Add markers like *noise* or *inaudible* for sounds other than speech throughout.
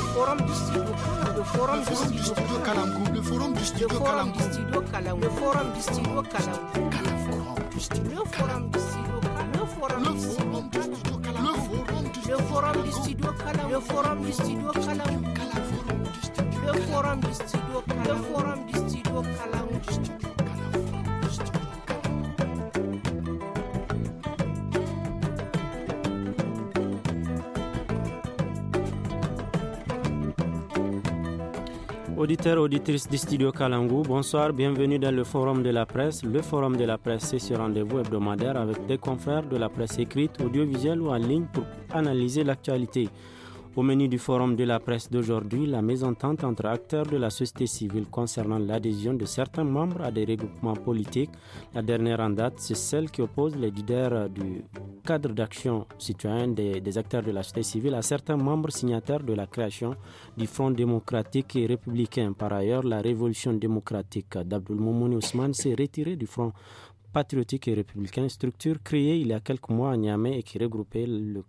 le forum du studio le forum du studio le forum du studio le forum du studio le forum du studio le forum du studio le forum du studio le forum du studio forum Auditeurs, auditrices du studio Kalangou, bonsoir, bienvenue dans le Forum de la presse. Le Forum de la presse, c'est ce rendez-vous hebdomadaire avec des confrères de la presse écrite, audiovisuelle ou en ligne pour analyser l'actualité. Au menu du forum de la presse d'aujourd'hui, la mésentente entre acteurs de la société civile concernant l'adhésion de certains membres à des regroupements politiques. La dernière en date, c'est celle qui oppose les leaders du cadre d'action citoyenne des, acteurs de la société civile à certains membres signataires de la création du Front démocratique et républicain. Par ailleurs, la révolution démocratique d'Abdul Moumouni Ousmane s'est retirée du Front patriotique et républicain, structure créée il y a quelques mois à Niamey et qui regroupait le,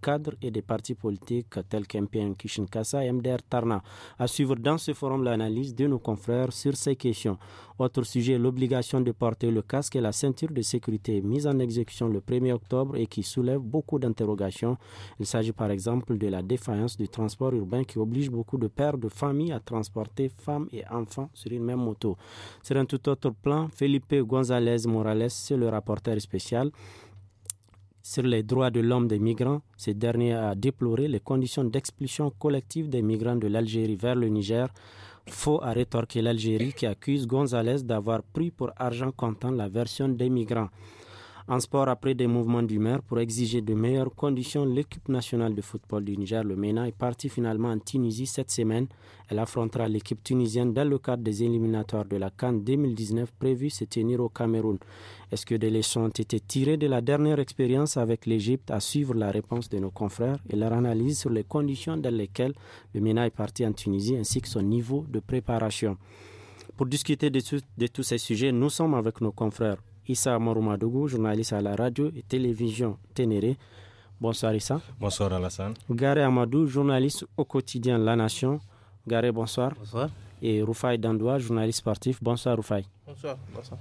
cadre et des partis politiques tels qu'MPN Kassa et MDR Tarna. À suivre dans ce forum l'analyse de nos confrères sur ces questions. Autre sujet, l'obligation de porter le casque et la ceinture de sécurité mise en exécution le 1er octobre et qui soulève beaucoup d'interrogations. Il s'agit par exemple de la défaillance du transport urbain qui oblige beaucoup de pères de famille à transporter femmes et enfants sur une même moto. Sur un tout autre plan, Felipe González Morales, c'est le rapporteur spécial sur les droits de l'homme des migrants, ce dernier a déploré les conditions d'expulsion collective des migrants de l'Algérie vers le Niger. Faux a rétorqué l'Algérie qui accuse Gonzalez d'avoir pris pour argent comptant la version des migrants. En sport, après des mouvements d'humeur pour exiger de meilleures conditions, l'équipe nationale de football du Niger, le MENA, est partie finalement en Tunisie cette semaine. Elle affrontera l'équipe tunisienne dans le cadre des éliminatoires de la Cannes 2019 prévus se tenir au Cameroun. Est-ce que des leçons ont été tirées de la dernière expérience avec l'Égypte à suivre la réponse de nos confrères et leur analyse sur les conditions dans lesquelles le MENA est parti en Tunisie ainsi que son niveau de préparation. Pour discuter de tous ces sujets, nous sommes avec nos confrères Issa Maroumadougou, journaliste à la radio et télévision Ténéré. Bonsoir Issa. Bonsoir Alassane. Garé Amadou, journaliste au quotidien La Nation. Garé, bonsoir. Bonsoir. Et Roufaï Dandoua, journaliste sportif. Bonsoir Roufaï. Bonsoir. Bonsoir.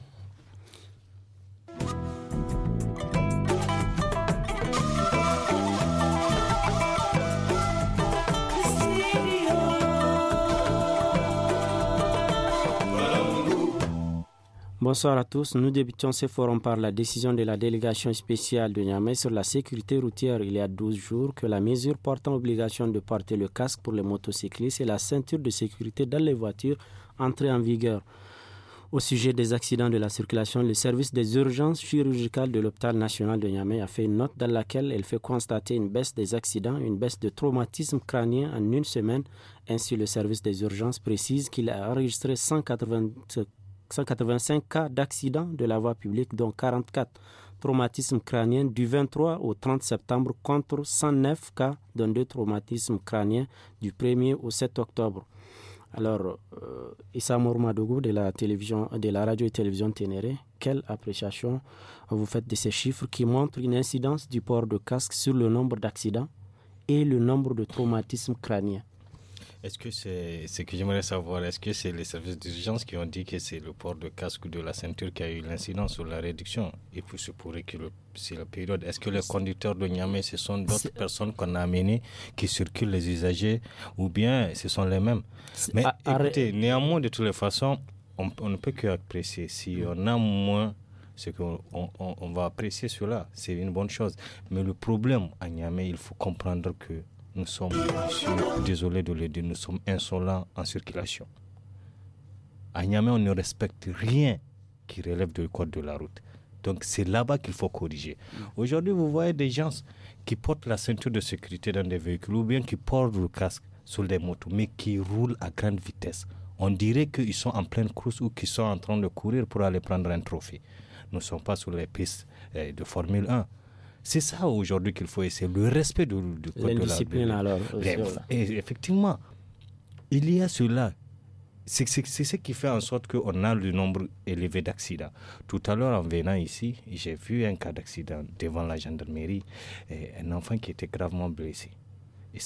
Bonsoir à tous. Nous débutons ce forum par la décision de la délégation spéciale de Niamey sur la sécurité routière il y a 12 jours que la mesure portant obligation de porter le casque pour les motocyclistes et la ceinture de sécurité dans les voitures entrée en vigueur. Au sujet des accidents de la circulation, le service des urgences chirurgicales de l'hôpital national de Niamey a fait une note dans laquelle elle fait constater une baisse des accidents, une baisse de traumatisme crânien en une semaine. Ainsi, le service des urgences précise qu'il a enregistré 184 185 cas d'accidents de la voie publique, dont 44 traumatismes crâniens du 23 au 30 septembre contre 109 cas d'un deux traumatismes crâniens du 1er au 7 octobre. Alors, euh, Issa Mourmadougou de la télévision, de la radio et télévision Ténéré, quelle appréciation vous faites de ces chiffres qui montrent une incidence du port de casque sur le nombre d'accidents et le nombre de traumatismes crâniens est-ce que c'est ce que j'aimerais savoir Est-ce que c'est les services d'urgence qui ont dit que c'est le port de casque ou de la ceinture qui a eu l'incident sur la réduction Et puis se pourrait que c'est la période. Est-ce que les conducteurs de Niamey, ce sont d'autres personnes qu'on a amenées qui circulent les usagers ou bien ce sont les mêmes Mais écoutez, néanmoins, de toutes les façons, on, ne peut que apprécier. Si mm. on a moins ce qu'on on va apprécier cela, c'est une bonne chose. Mais le problème à Niamey, il faut comprendre que nous sommes, désolés de le nous sommes insolents en circulation. À Niamey, on ne respecte rien qui relève du code de la route. Donc c'est là-bas qu'il faut corriger. Aujourd'hui, vous voyez des gens qui portent la ceinture de sécurité dans des véhicules ou bien qui portent le casque sur des motos, mais qui roulent à grande vitesse. On dirait qu'ils sont en pleine course ou qu'ils sont en train de courir pour aller prendre un trophée. Nous ne sommes pas sur les pistes euh, de Formule 1. C'est ça aujourd'hui qu'il faut essayer, le respect du code de la discipline alors. et effectivement, il y a cela. C'est ce qui fait en sorte qu'on a le nombre élevé d'accidents. Tout à l'heure, en venant ici, j'ai vu un cas d'accident devant la gendarmerie, un enfant qui était gravement blessé. Et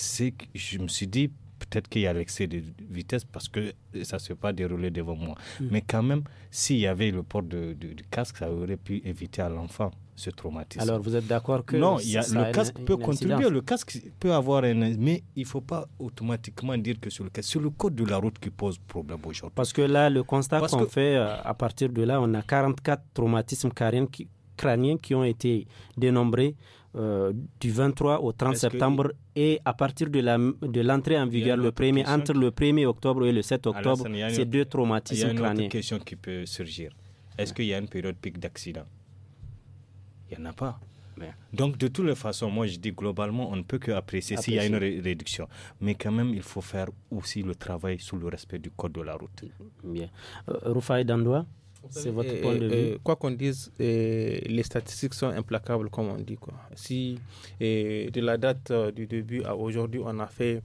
je me suis dit, peut-être qu'il y a l'excès de vitesse parce que ça ne s'est pas déroulé devant moi. Mm. Mais quand même, s'il y avait le port de, du casque, ça aurait pu éviter à l'enfant ce traumatisme. Alors vous êtes d'accord que non, y le casque peut contribuer, le casque peut avoir un, mais il faut pas automatiquement dire que sur le casque, c'est le code de la route qui pose problème aujourd'hui. Parce que là, le constat qu'on fait euh, à partir de là, on a 44 traumatismes crâniens qui, ont été dénombrés euh, du 23 au 30 septembre et à partir de l'entrée de en vigueur le premier, entre le 1er octobre et le 7 octobre, ces deux traumatismes crâniens. Il y a une, question, qui peut surgir. Est-ce qu'il y a une période pic d'accident il n'y en a pas. Donc, de toutes les façons, moi je dis globalement, on ne peut qu'apprécier s'il y a une réduction. Mais quand même, il faut faire aussi le travail sous le respect du code de la route. Bien. Euh, Rufai Dandoua, c'est votre point de euh, vue. Euh, quoi qu'on dise, les statistiques sont implacables, comme on dit. Quoi. Si de la date du début à aujourd'hui, on a fait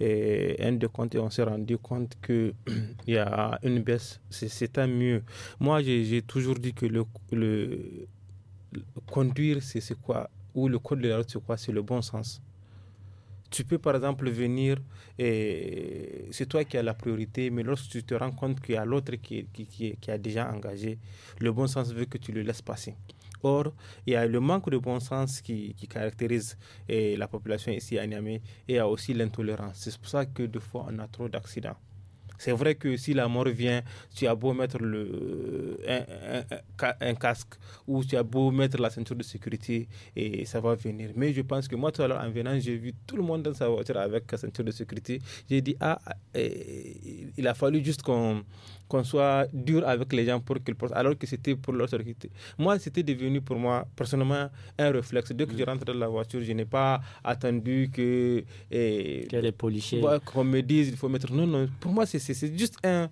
un de compte et on s'est rendu compte qu'il *clears throat* y a une baisse, c'est un mieux. Moi, j'ai toujours dit que le, le conduire, c'est quoi Ou le code de la route, c'est quoi C'est le bon sens. Tu peux par exemple venir et c'est toi qui as la priorité, mais lorsque tu te rends compte qu'il y a l'autre qui, qui, qui, a déjà engagé, le bon sens veut que tu le laisses passer. Or, il y a le manque de bon sens qui, caractérise eh, la population ici à Niamey et il y a aussi l'intolérance. C'est pour ça que des fois on a trop d'accidents. C'est vrai que si la mort vient, tu as beau mettre le, euh, un, casque ou tu as beau mettre la ceinture de sécurité et ça va venir. Mais je pense que moi, tout à l'heure, en venant, j'ai vu tout le monde dans sa voiture avec la ceinture de sécurité. J'ai dit, ah, euh, il a fallu juste qu'on qu'on soit dur avec les gens pour qu'ils portent, alors que c'était pour leur sécurité. Moi, c'était devenu pour moi, personnellement, un réflexe. Dès que je mm. rentre dans la voiture, je n'ai pas attendu que... Eh, les policiers... qu'on me dise, il faut mettre... Non, non, pour moi, c'est juste un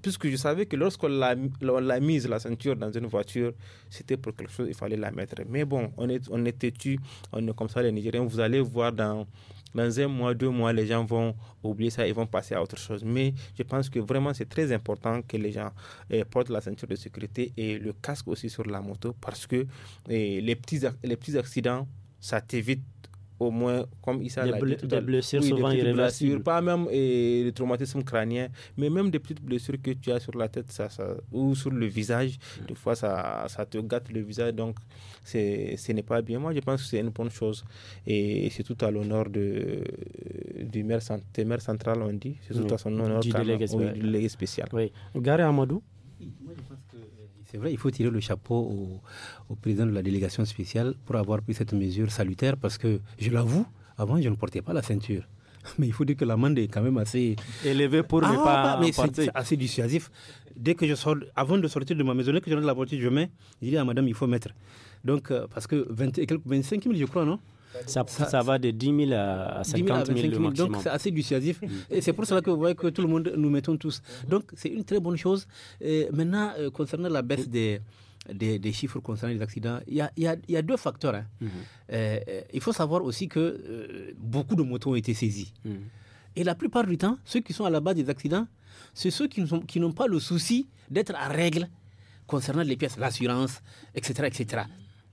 puisque je savais que lorsqu'on l'a, mise, la ceinture, dans une voiture, c'était pour quelque chose, il fallait la mettre. Mais bon, on est, on est têtu, on est comme ça, les Nigériens. Vous allez voir dans, dans un mois, deux mois, les gens vont oublier ça ils vont passer à autre chose. Mais je pense que vraiment, c'est très important que les gens eh, portent la ceinture de sécurité et le casque aussi sur la moto parce que eh, les, petits, les petits accidents, ça t'évite au moins, comme Issa l'a dit, des blessures souvent des pas même et, le traumatisme mais même des petites blessures que tu as sur la tête ça, ou sur le visage. Des fois, ça, ça te gâte le visage, donc ce n'est pas bien. Moi, je pense que c'est une bonne chose et c'est tout à l'honneur de, du maire, central, on dit, c'est tout à son honneur du délégué spécial. Oui. Gare Amadou c'est vrai, il faut tirer le chapeau au, président de la délégation spéciale pour avoir pris cette mesure salutaire parce que, je l'avoue, avant, je ne portais pas la ceinture. *laughs* Mais il faut dire que l'amende est quand même assez élevée pour ne ah, pas. Bah, mais c'est assez dissuasif. Dès que je sors, avant de sortir de ma maison, dès que je la voiture, je mets, je dis à madame, il faut mettre. Donc, euh, parce que 25 000, je crois, non ça, va de 10 000 à 50 000, le Donc c'est assez dissuasif. Mm. Et c'est pour cela que vous voyez que tout le monde, nous mettons tous. Donc c'est une très bonne chose. maintenant, euh, concernant la baisse des... Des, chiffres concernant les accidents, il y a, y a, deux facteurs. Hein. Mm-hmm. Euh, euh, il faut savoir aussi que beaucoup de motos ont été saisies. Mm-hmm. Et la plupart du temps, ceux qui sont à la base des accidents, c'est ceux qui n'ont pas le souci d'être à règle concernant les pièces, l'assurance, etc., etc.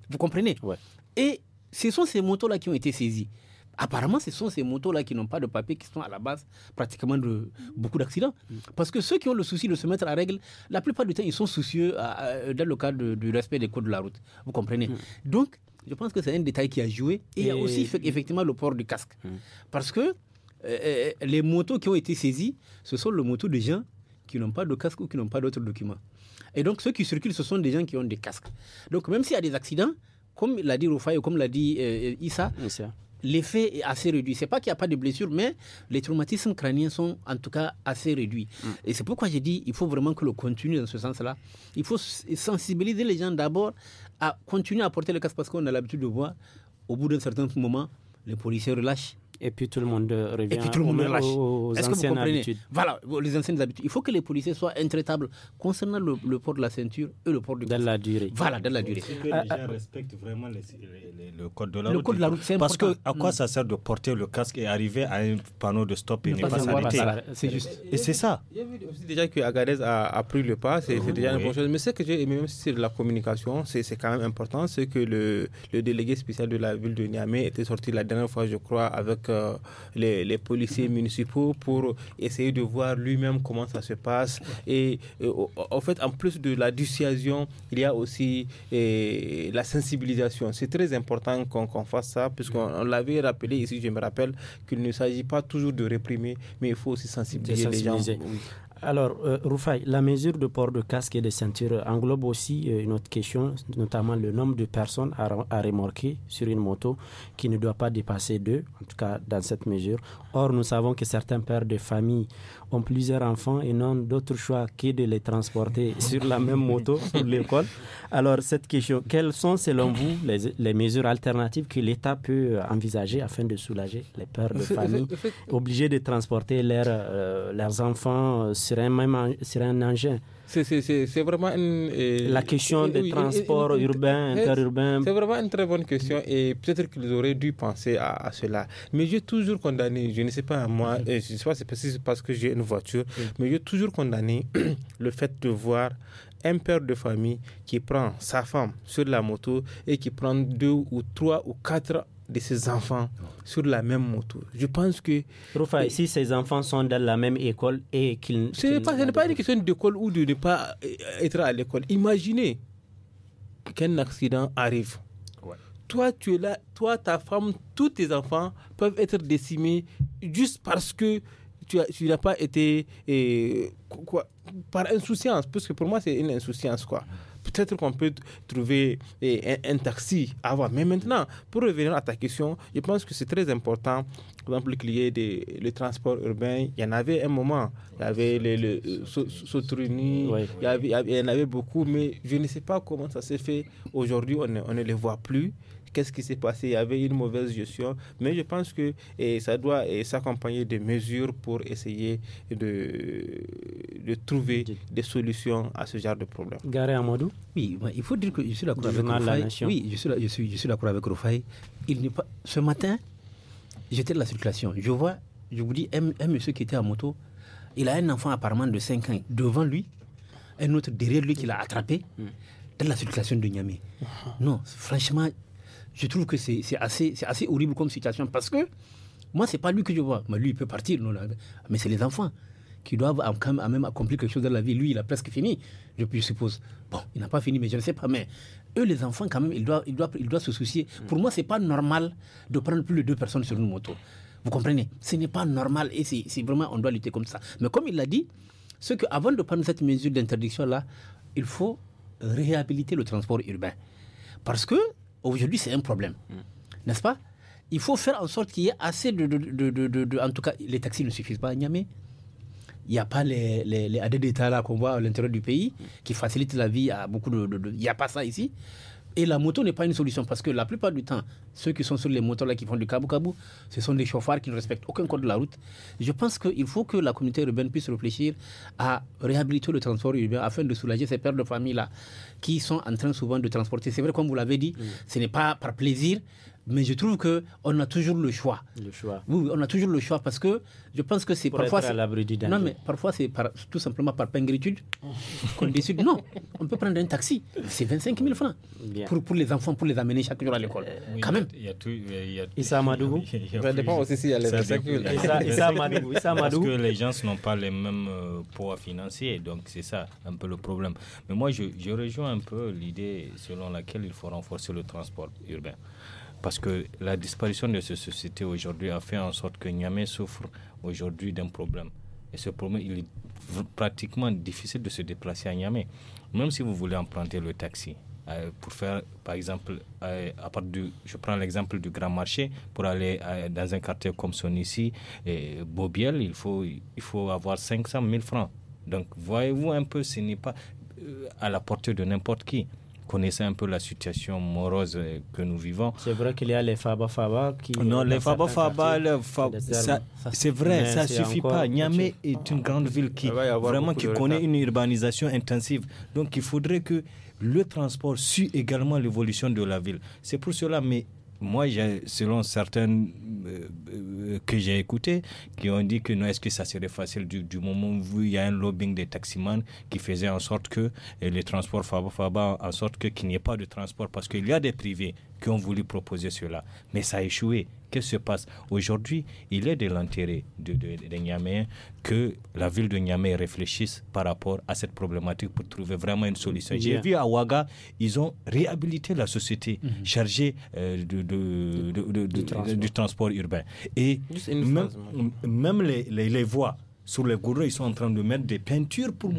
Vous comprenez ouais. Et ce sont ces motos-là qui ont été saisies. Apparemment, ce sont ces motos-là qui n'ont pas de papier qui sont à la base pratiquement de beaucoup d'accidents. Parce que ceux qui ont le souci de se mettre à règle, la plupart du temps, ils sont soucieux à, dans le cadre du respect des codes de la route. Vous comprenez hmm. Donc, je pense que c'est un détail qui a joué. Et, il y a aussi effectivement le port du casque. Hmm. Parce que euh, euh, les motos qui ont été saisies, ce sont les motos des gens qui n'ont pas de casque ou qui n'ont pas d'autres documents. Et donc, ceux qui circulent, ce sont des gens qui ont des casques. Donc, même s'il y a des accidents, comme l'a dit ou comme l'a dit euh, Issa, l'effet est assez réduit. Ce n'est pas qu'il n'y a pas de blessures, mais les traumatismes crâniens sont en tout cas assez réduits. Mm. Et c'est pourquoi j'ai dit il faut vraiment que l'on continue dans ce sens-là. Il faut sensibiliser les gens d'abord à continuer à porter le casque parce qu'on a l'habitude de voir, au bout d'un certain moment, les policiers relâchent et puis tout le monde revient et puis tout le monde aux, anciennes vous habitudes. Voilà, les anciennes habitudes. Il faut que les policiers soient intraitables concernant le, port de la ceinture et le port du Dans la durée. Voilà, dans la durée. Que ah, les gens ah. respectent vraiment le code de la le route. Code de la route Parce que à quoi mm. ça sert de porter le casque et arriver à un panneau de stop et ne, pas s'arrêter C'est juste. Et c'est ça. Il y a aussi déjà que Agadez a, pris le pas, c'est déjà une bonne chose. Mais ce que j'ai aimé, même si c'est de la communication, c'est quand même important, c'est que le délégué spécial de la ville de Niamey était sorti la dernière fois, je crois, avec euh, les, policiers municipaux pour essayer de voir lui-même comment ça se passe. Et, en fait, en plus de la dissuasion, il y a aussi la sensibilisation. C'est très important qu'on fasse ça, puisqu'on l'avait rappelé ici, je me rappelle qu'il ne s'agit pas toujours de réprimer, mais il faut aussi sensibiliser, les gens. Alors, euh, la mesure de port de casque et de ceinture englobe aussi euh, une autre question, notamment le nombre de personnes à, à, remorquer sur une moto qui ne doit pas dépasser deux, en tout cas dans cette mesure. Or, nous savons que certains pères de famille ont plusieurs enfants et n'ont d'autre choix que de les transporter *laughs* sur la même moto pour *laughs* l'école. Alors, cette question, quelles sont selon vous les, mesures alternatives que l'État peut euh, envisager afin de soulager les pères de famille obligés de transporter leurs euh, enfants euh, sur même, sur un engin c'est vraiment une, euh, La question des transports urbains, interurbains. C'est vraiment une très bonne question et peut-être qu'ils auraient dû penser à, cela. Mais j'ai toujours condamné, je ne sais pas moi, mhm. je ne sais pas si c'est parce que j'ai une voiture, mais j'ai toujours condamné *clears throat* le fait de voir un père de famille qui prend sa femme sur la moto et qui prend deux ou trois ou quatre de ses enfants sur la même moto. Je pense que... Rufa, si ses enfants sont dans la même école et qu'ils... Ce n'est pas, une question d'école ou de ne pas euh, être à l'école. Imaginez qu'un accident arrive. Toi, tu es là, toi, ta femme, tous tes enfants peuvent être décimés juste parce que tu n'as pas été... Et, euh, quoi, par insouciance, parce que pour moi, c'est une insouciance, quoi peut-être qu'on peut trouver eh, un, taxi à avoir. Mais maintenant, pour revenir à ta question, je pense que c'est très important. Par exemple, qu'il y ait le transport urbain. Il y en avait un moment. Il y avait le, le, euh, il, y avait, il y en avait beaucoup, mais je ne sais pas comment ça s'est fait. Aujourd'hui, on, on ne les voit plus qu'est-ce qui s'est passé, il y avait une mauvaise gestion, mais je pense que eh, ça doit eh, s'accompagner de mesures pour essayer de, trouver des solutions à ce genre de problème. Garé Amadou Oui, il faut dire que je suis d'accord avec Rufai. Oui, je suis, d'accord avec Il n'est pas... Ce matin, j'étais de la circulation. Je vois, je vous dis, un, monsieur qui était à moto, il a un enfant apparemment de 5 ans devant lui, un autre derrière lui qui l'a attrapé hmm. dans la circulation de Niamey. Ah. Non, franchement, je trouve que c'est assez, assez horrible comme situation parce que moi, c'est pas lui que je vois. Mais lui, il peut partir. Non, mais c'est les enfants qui doivent quand même, accomplir quelque chose dans la vie. Lui, il a presque fini, je, suppose. Bon, il n'a pas fini, mais je ne sais pas. Mais eux, les enfants, quand même, ils doivent, ils doivent, doivent se soucier. Mm. Pour moi, c'est pas normal de prendre plus de deux personnes sur une moto. Vous comprenez Ce n'est pas normal et c'est vraiment, on doit lutter comme ça. Mais comme il l'a dit, ce qu'avant de prendre cette mesure d'interdiction-là, il faut réhabiliter le transport urbain. Parce que aujourd'hui c'est un problème. Mm. N'est-ce pas Il faut faire en sorte qu'il y ait assez de, de, de, En tout cas, les taxis ne suffisent pas à Niamé. Il n'y a pas les, les, les AD d'État qu'on voit à l'intérieur du pays mm. qui facilitent la vie à beaucoup de. Il n'y a pas ça ici. Et la moto n'est pas une solution parce que la plupart du temps, ceux qui sont sur les motos là qui font du cabou-cabou, ce sont des chauffards qui ne respectent aucun code de la route. Je pense qu'il faut que la communauté urbaine puisse réfléchir à réhabiliter le transport urbain afin de soulager ces pères de famille là qui sont en train souvent de transporter. C'est vrai, comme vous l'avez dit, ce n'est pas par plaisir, mais je trouve que on a toujours le choix. Le choix. Oui, on a toujours le choix parce que je pense que c'est parfois. Être à l'abri du danger. Non, mais parfois c'est par, tout simplement par pingritude qu'on décide. Non, on peut prendre un taxi. C'est 25 000 francs pour, pour, les enfants, pour les amener chaque jour à l'école. Euh, Quand même. Il y a tout. Il y a, Issa Madougou. *laughs* Ça dépend aussi s'il y a les Issa, Issa *laughs* Parce que les gens n'ont pas les mêmes euh, poids pouvoirs financiers. Donc c'est ça un peu le problème. Mais moi, je rejoins un peu l'idée selon laquelle il faut renforcer le transport urbain. Parce que la disparition de ces sociétés aujourd'hui a fait en sorte que Niamey souffre aujourd'hui d'un problème. Et ce problème, il est pratiquement difficile de se déplacer à Niamey. Même si vous voulez emprunter le taxi, euh, pour faire, par exemple, euh, à part du, je prends l'exemple du Grand Marché, pour aller euh, dans un quartier comme celui-ci, et Bobiel, il faut, il faut avoir 500 000 francs. Donc, voyez-vous un peu, ce n'est pas à la portée de n'importe qui connaissez un peu la situation morose euh, que nous vivons. C'est vrai qu'il y a les Faba Faba qui. Non, les Faba Faba, c'est vrai, ça ça suffit pas. Niamey est une grande ville qui vraiment qui connaît une urbanisation intensive. Donc il faudrait que le transport suit également l'évolution de la ville. C'est pour cela, mais moi, selon certaines euh, euh, que j'ai écoutés, qui ont dit que non, est-ce que ça serait facile du, moment où il y a un lobbying des taximans qui faisait en sorte que euh, les transports Faba, en sorte qu'il n'y ait pas de transport parce qu'il y a des privés qui ont voulu proposer cela. Mais ça a échoué. Qu'est-ce qui se passe Aujourd'hui, il est de l'intérêt des de, que la ville de Niamey réfléchisse par rapport à cette problématique pour trouver vraiment une solution. J'ai vu à Ouaga, ils ont réhabilité la société mhm. chargée euh, du, transport. urbain. Et même, les, voies sur les goudrons, ils sont en train de mettre des peintures pour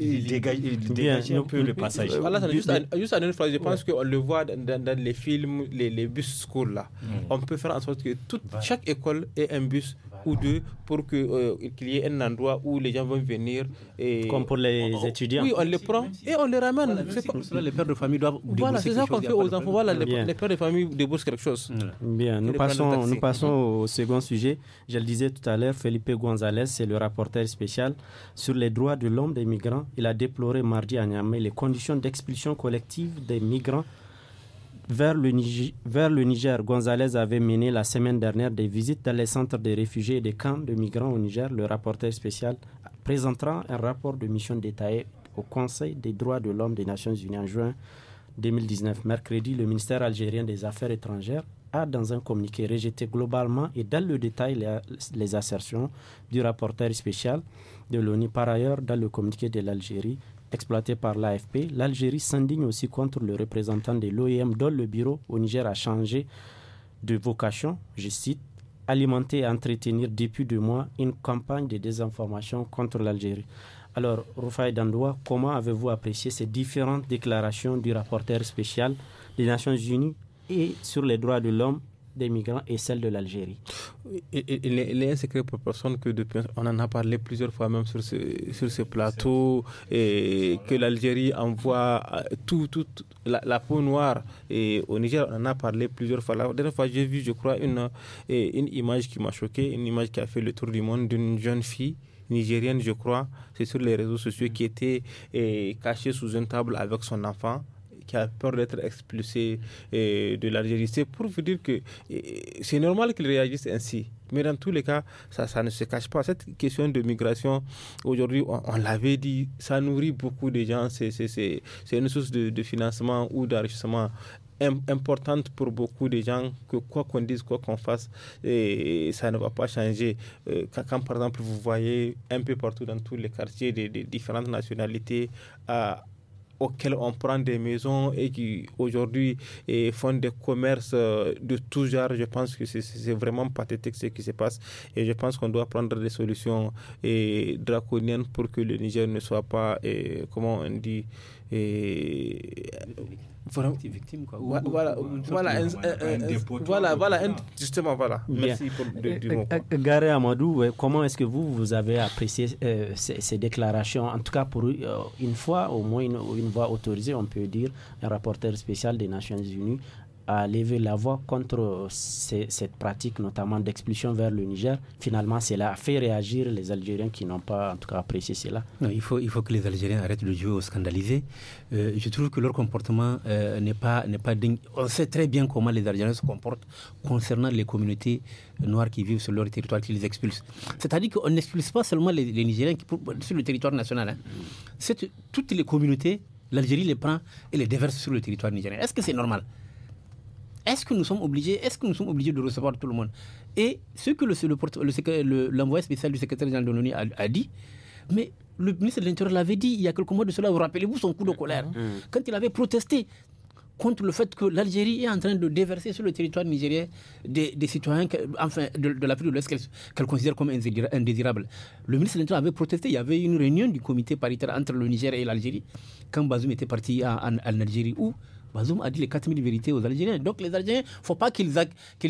il, dégage, un peu le passage. juste, un, une phrase, je pense que qu'on le voit dans, les films, les, bus school On peut faire en sorte que chaque école ait un bus ou deux pour qu'il euh, y ait un endroit où les gens vont venir. Et Comme pour les étudiants. Oui, on les prend et on les ramène. c'est les pères de famille doivent Voilà, c'est ça qu'on fait aux enfants. Voilà, les, pères de famille déboursent quelque chose. Bien, nous passons, nous passons au second sujet. Je le disais tout à l'heure, Felipe Gonzalez c'est le rapporteur spécial sur les droits de l'homme des migrants. Il a déploré mardi à Niamey les conditions d'expulsion collective des migrants vers le, Niger, vers González avait mené la semaine dernière des visites dans les centres des réfugiés et des camps de migrants au Niger. Le rapporteur spécial présentera un rapport de mission détaillé au Conseil des droits de l'homme des Nations Unies en juin 2019. Mercredi, le ministère algérien des Affaires étrangères a, dans un communiqué, rejeté globalement et dans le détail les, les assertions du rapporteur spécial de l'ONU. Par ailleurs, dans le communiqué de l'Algérie, exploité par l'AFP, l'Algérie s'indigne aussi contre le représentant de l'OEM dont le bureau au Niger a changé de vocation, je cite, alimenter et entretenir depuis deux mois une campagne de désinformation contre l'Algérie. Alors, Rufai Dandoua, comment avez-vous apprécié ces différentes déclarations du rapporteur spécial des Nations Unies et sur les droits de l'homme des migrants et celle de l'Algérie. Il est un pour personne que depuis, on en a parlé plusieurs fois même sur ce, sur ce plateau, et que l'Algérie envoie euh, tout, la, peau noire et au Niger, on en a parlé plusieurs fois. La dernière fois, j'ai vu, je crois, une, euh, une image qui m'a choqué, une image qui a fait le tour du monde d'une jeune fille nigérienne, je crois, c'est sur les réseaux sociaux, qui était euh, cachée sous une table avec son enfant qui a peur d'être expulsé et euh, de l'Algérie. C'est pour vous dire que euh, c'est normal qu'ils réagissent ainsi. Mais dans tous les cas, ça, ça ne se cache pas. Cette question de migration, aujourd'hui, on, l'avait dit, ça nourrit beaucoup de gens. C'est une source de, financement ou d'enrichissement importante pour beaucoup de gens que quoi qu'on dise, quoi qu'on fasse, euh, ça ne va pas changer. quand, par exemple vous voyez un peu partout dans tous les quartiers des, des différentes nationalités à, auxquels on prend des maisons et qui aujourd'hui font des commerces euh, de tout genre. Je pense que c'est vraiment pathétique ce qui se passe et je pense qu'on doit prendre des solutions draconiennes pour que le Niger ne soit pas, comment on dit, et voilà voilà justement voilà merci pour le, euh, euh, euh, Amadou comment est-ce que vous vous avez apprécié ces, déclarations en tout cas pour une fois au moins une, une voix autorisée on peut dire un rapporteur spécial des Nations Unies à lever la voix contre cette pratique, notamment d'expulsion vers le Niger. Finalement, cela a fait réagir les Algériens qui n'ont pas, en tout cas, apprécié cela. il faut, il faut que les Algériens arrêtent de jouer au scandalisé. Euh, je trouve que leur comportement euh, n'est pas, pas digne. On sait très bien comment les Algériens se comportent concernant les communautés noires qui vivent sur leur territoire, qui les expulsent. C'est-à-dire qu'on n'expulse pas seulement les, Nigériens qui, sur le territoire national. Hein. toutes les communautés l'Algérie les prend et les déverse sur le territoire nigérien. Est-ce que c'est normal est-ce que nous sommes obligés Est-ce que nous sommes obligés de recevoir tout le monde Et ce que l'envoyé spécial du secrétaire général de l'ONU a, dit, mais le ministre de l'Intérieur l'avait dit il y a quelques mois de cela. Vous rappelez-vous son coup de colère mmh. Mmh. quand il avait protesté contre le fait que l'Algérie est en train de déverser sur le territoire nigérien des, citoyens, enfin, de, de l'Afrique de l'Est qu'elle considère comme indésirable. Le ministre de l'Intérieur avait protesté. Il y avait une réunion du comité paritaire entre le Niger et l'Algérie quand Bazoum était parti en, Algérie où Bazoum a dit les 4000 vérités aux Algériens. Donc les Algériens, il ne faut pas qu'ils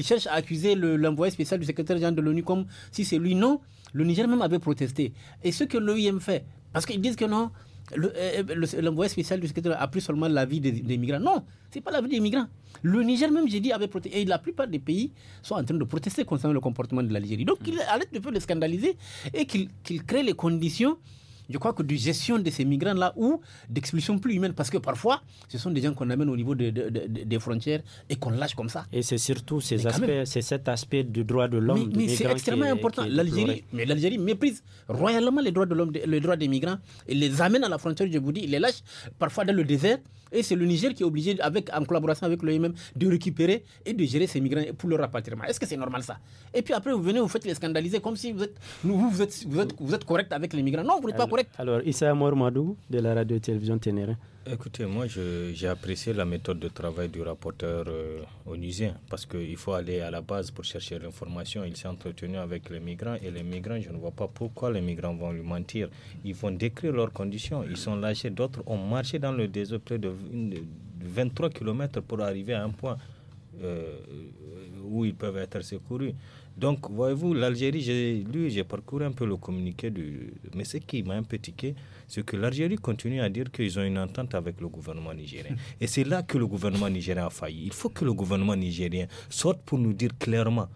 cherchent à accuser l'envoyé spécial du secrétaire général de l'ONU comme si c'est lui. Non, le Niger même avait protesté. Et ce que l'OIM fait, parce qu'ils disent que non, euh, l'envoyé spécial du secrétaire a pris seulement l'avis des, des migrants. Non, ce n'est pas l'avis des migrants. Le Niger même, j'ai dit, avait protesté. Et la plupart des pays sont en train de protester concernant le comportement de l'Algérie. Donc, mmh. qu'ils arrête de peu les scandaliser et qu'il crée créent les conditions je crois que de gestion de ces migrants-là ou d'expulsion plus humaine, parce que parfois, ce sont des gens qu'on amène au niveau des frontières et qu'on lâche comme ça. Et c'est surtout ces aspects, c'est cet aspect du droit de l'homme. Mais, mais c'est extrêmement important. L'Algérie, méprise royalement les droits de des migrants. et les amène à la frontière, je vous dis, les lâche parfois dans le désert. Et c'est le Niger qui est obligé, avec, en collaboration avec l'OMM, de récupérer et de gérer ces migrants pour leur rapatriement. Est-ce que c'est normal ça Et puis après, vous venez, vous faites les scandaliser comme si vous êtes, vous, êtes, vous êtes, vous êtes correct avec les migrants. Non, vous n'êtes pas correct. Alors, Issa Mormadou de la radio-télévision Ténéré. Écoutez, moi j'ai apprécié la méthode de travail du rapporteur euh, onusien parce qu'il faut aller à la base pour chercher l'information. Il s'est entretenu avec les migrants et les migrants, je ne vois pas pourquoi les migrants vont lui mentir. Ils vont décrire leurs conditions. Ils sont lâchés. D'autres ont marché dans le désert près de 23 km pour arriver à un point. Euh, euh, où ils peuvent être secourus. Donc, voyez-vous, l'Algérie, j'ai lu, j'ai parcouru un peu le communiqué du. Mais ce qui m'a un peu tiqué, c'est que l'Algérie continue à dire qu'ils ont une entente avec le gouvernement nigérien. Et c'est là que le gouvernement nigérien a failli. Il faut que le gouvernement nigérien sorte pour nous dire clairement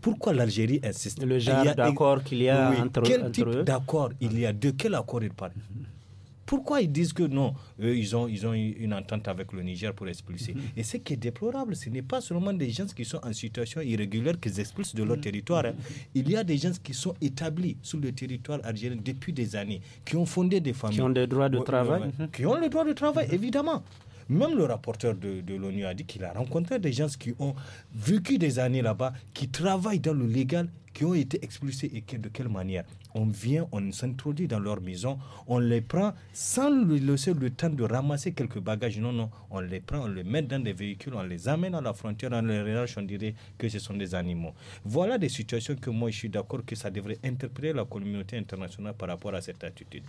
pourquoi l'Algérie insiste Le genre d'accord qu'il y a, entre, eux Quel type d'accord il y a De quel accord il parle pourquoi ils disent que non, eux, ils ont, ils ont une entente avec le Niger pour expulser mhm. Et ce qui est déplorable, ce n'est pas seulement des gens qui sont en situation irrégulière qu'ils expulsent de leur mhm. territoire. Hein. Il y a des gens qui sont établis sur le territoire algérien depuis des années, qui ont fondé des familles. Qui ont des droits de travail. Qui ont le droits de travail, mhm. évidemment. Même le rapporteur de, de l'ONU a dit qu'il a rencontré des gens qui ont vécu des années là-bas, qui travaillent dans le légal qui ont été expulsés et de quelle manière On vient, on s'introduit dans leur maison, on les prend sans le laisser le temps de ramasser quelques bagages. Non, non, on les prend, on les met dans des véhicules, on les amène à la frontière, on les relâche, on dirait que ce sont des animaux. Voilà des situations que moi je suis d'accord que ça devrait interpréter la communauté internationale par rapport à cette attitude.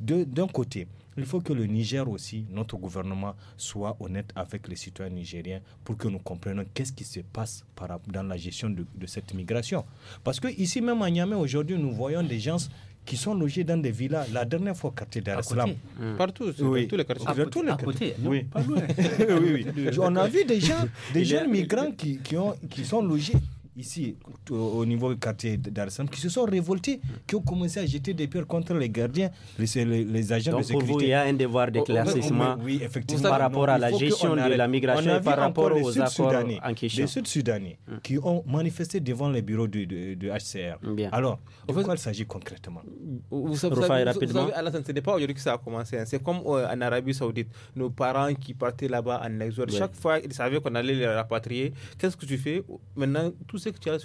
D'un côté, il faut que le Niger aussi, notre gouvernement, soit honnête avec les citoyens nigériens pour que nous comprenions qu'est-ce qui se passe dans la gestion de cette migration. Parce que ici même à Niamey, aujourd'hui, nous voyons des gens qui sont logés dans des villas. La dernière fois, quartier hum. Partout, oui. les quartiers. À oui. On a vu des gens, des jeunes migrants qui, ont, qui sont logés ici au niveau du quartier d'Arsam qui se sont révoltés, qui ont commencé à jeter des pierres contre les gardiens, les, agents de sécurité. Pour vous, il y a un devoir oh, oh, oh, d'éclaircissement oui, par rapport à la gestion de la migration et par rapport aux accords en Les Sud-Soudanais mm. qui ont manifesté devant les bureaux du de, HCR. Alors, de quoi il s'agit concrètement vous, savez, ce n'est pas aujourd'hui que ça a commencé. Hein. C'est comme euh, en Arabie Saoudite, nos parents qui partaient là-bas en exode. Chaque fois, ils savaient qu'on allait les rapatrier. Qu'est-ce que tu fais Maintenant, tous que tu as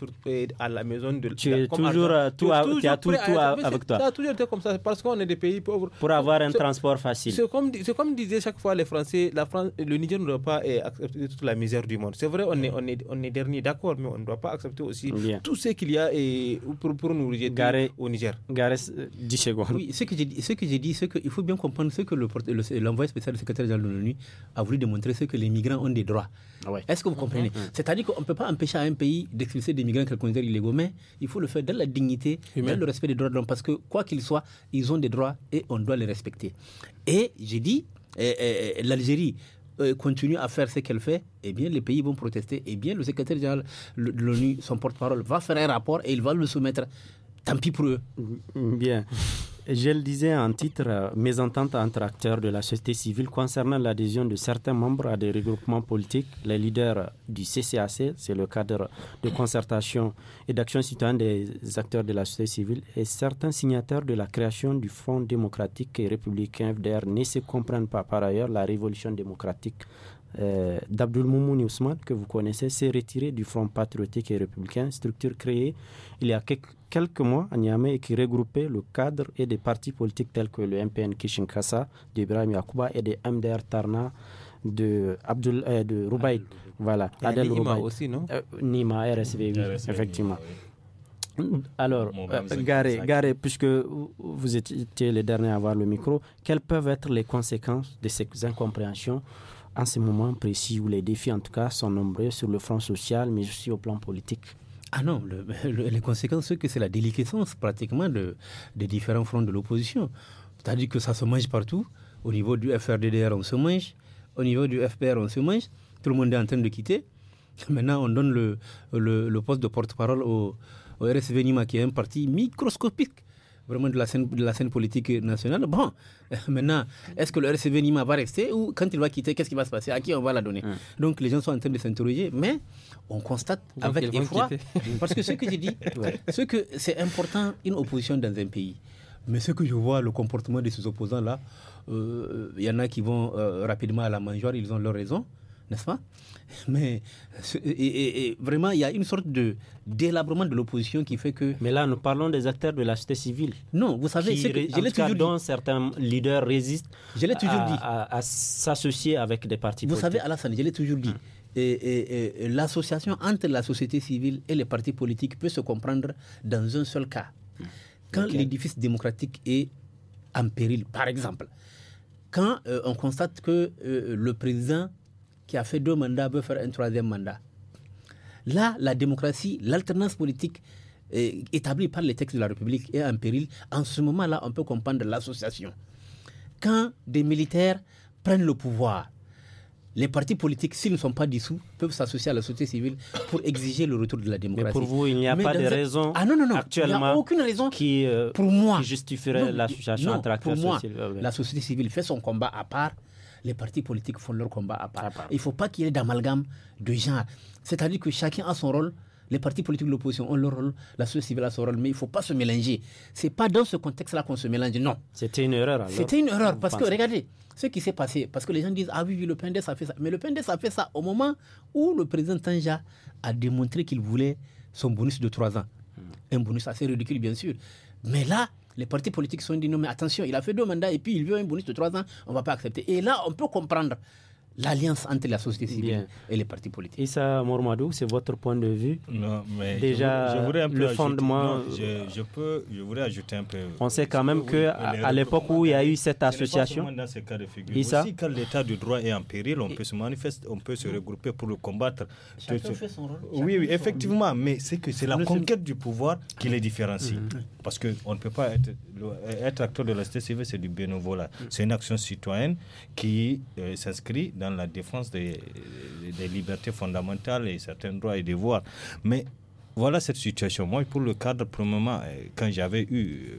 à la maison de Tu es euh, toujours, tout, tu toujours tout, avec toi. Ça a toujours été comme ça parce qu'on est des pays pauvres. Pour avoir un transport facile. C'est comme, comme disaient chaque fois les Français, la France, le Niger ne doit pas eh, accepter toute la misère du monde. C'est vrai, on est, on est, on est dernier, d'accord, mais on ne doit pas accepter aussi tout ce qu'il y a et eh, pour, pour nous rejeter au Niger. Garé, 10 euh, secondes. Oui, ce que j'ai dit, ce que j'ai dit, c'est qu'il faut bien comprendre ce que l'envoyé le, spécial du secrétaire général de l'ONU a voulu démontrer, c'est que les migrants ont des droits. Ah Est-ce que vous mhm. comprenez mhm. C'est-à-dire qu'on ne peut pas empêcher un pays de expulser des migrants qu'elles considèrent illégaux, mais il faut le faire dans la dignité, dans le respect des droits de l'homme, parce que quoi qu'ils soient, ils ont des droits et on doit les respecter. Et j'ai dit, eh, eh, eh, l'Algérie euh, continue à faire ce qu'elle fait, et bien les pays vont protester, Et bien le secrétaire général de l'ONU, son porte-parole, va faire un rapport et il va le soumettre. Tant pis pour eux. Bien je le disais en titre, euh, mésentente entre acteurs de la société civile concernant l'adhésion de certains membres à des regroupements politiques. Les leaders du CCAC, c'est le cadre de concertation et d'action citoyenne des acteurs de la société civile, et certains signataires de la création du Fonds démocratique et républicain FDR ne se comprennent pas par ailleurs la révolution démocratique euh, d'Abdul Ousmane, que vous connaissez, s'est retiré du Front patriotique et républicain, structure créée il y a quelques mois à Niamey et qui regroupait le cadre et des partis politiques tels que le MPN Kishinkasa d'Ibrahim Yakuba et des MDR Tarna de Abdul euh, de Roubaïd. Voilà, Nima aussi, non euh, Nima, RSV, oui, effectivement. Alors, euh, Gare, Garé, puisque vous étiez le dernier à avoir le micro, quelles peuvent être les conséquences de ces incompréhensions en ce moment précis où les défis, en tout cas, sont nombreux sur le front social, mais aussi au plan politique ah non, *laughs* les conséquences, c'est que c'est la déliquescence pratiquement des différents fronts de l'opposition. C'est-à-dire que ça se mange partout. Au niveau du FRDDR, on se mange. Au niveau du FPR, on se mange. Tout le monde est en train de quitter. *laughs* Maintenant, on donne le, poste de porte-parole au, au RSV Nima, qui est un parti microscopique vraiment de la scène, de la scène politique nationale. Bon, *laughs* maintenant, est-ce que le RCV Nima va rester ou quand il va quitter, qu'est-ce qui va se passer À qui on va la donner hein. Donc les gens sont en train de s'interroger, mais on constate avec effroi, *laughs* parce que ce que j'ai dit, *laughs* ce que c'est important une opposition dans un pays. Mais ce que je vois, le comportement de ces opposants-là, euh, il y en a qui vont euh, rapidement à la mangeoire, ils ont leur raison n'est-ce pas Mais et, vraiment, il y a une sorte de délabrement de l'opposition qui fait que. Mais là, nous parlons des acteurs de la société civile. Non, vous savez, c'est que je toujours dont certains leaders résistent. toujours à, dit. À, s'associer avec des partis. politiques. Vous savez, Alassane, je l'ai toujours dit. Hmm. l'association entre la société civile et les partis politiques peut se comprendre dans un seul cas. Hmm. Quand l'édifice démocratique est en péril, par exemple, quand euh, on constate que euh, le président qui a fait deux mandats veut faire un troisième mandat. Là, la démocratie, l'alternance politique établie par les textes de la République est en péril. En ce moment-là, on peut comprendre l'association. Quand des militaires prennent le pouvoir, les partis politiques, s'ils ne sont pas dissous, peuvent s'associer à la société civile pour exiger le retour de la démocratie. Mais pour vous, il n'y a pas de raison ah actuellement aucune raison qui, euh, pour moi, justifierait l'association entre acteurs pour moi, La société civile fait son combat à part les partis politiques font leur combat à part. Il ne faut pas qu'il y ait d'amalgame de gens. C'est-à-dire que chacun a son rôle. Les partis politiques de l'opposition ont leur rôle, la société civile a son rôle, mais il ne faut pas se mélanger. Ce n'est pas dans ce contexte-là qu'on se mélange, non. C'était une erreur C'était une erreur, parce que regardez ce qui s'est passé, parce que les gens disent Ah oui, le PND ça fait ça. Mais le PND ça fait ça au moment où le président Tanja a démontré qu'il voulait son bonus de 3 ans. Hmm. Un bonus assez ridicule, bien sûr. Mais là, les partis politiques sont dit non, mais attention, il a fait deux mandats et puis il veut un bonus de trois ans, on ne va pas accepter. Et là, on peut comprendre l'alliance entre la société civile et les partis politiques. Issa Mormadou, c'est votre point de vue Non, mais déjà je, voudrais le fondement. je, peux, je voudrais ajouter un peu. On sait quand même que à, l'époque où il y a eu cette association, dans ce Aussi, quand l'état du droit est en péril, on peut se manifester, on peut se regrouper pour le combattre. fait son rôle. Oui, oui, effectivement, mais c'est que c'est la conquête du pouvoir qui les différencie, mhm. parce que on ne peut pas être être acteur de la société civile, c'est du bénévolat, mm. c'est une action citoyenne qui euh, s'inscrit dans dans la défense des, libertés fondamentales et certains droits et devoirs. Mais voilà cette situation. Moi, pour le cadre, pour le moment, euh, quand j'avais eu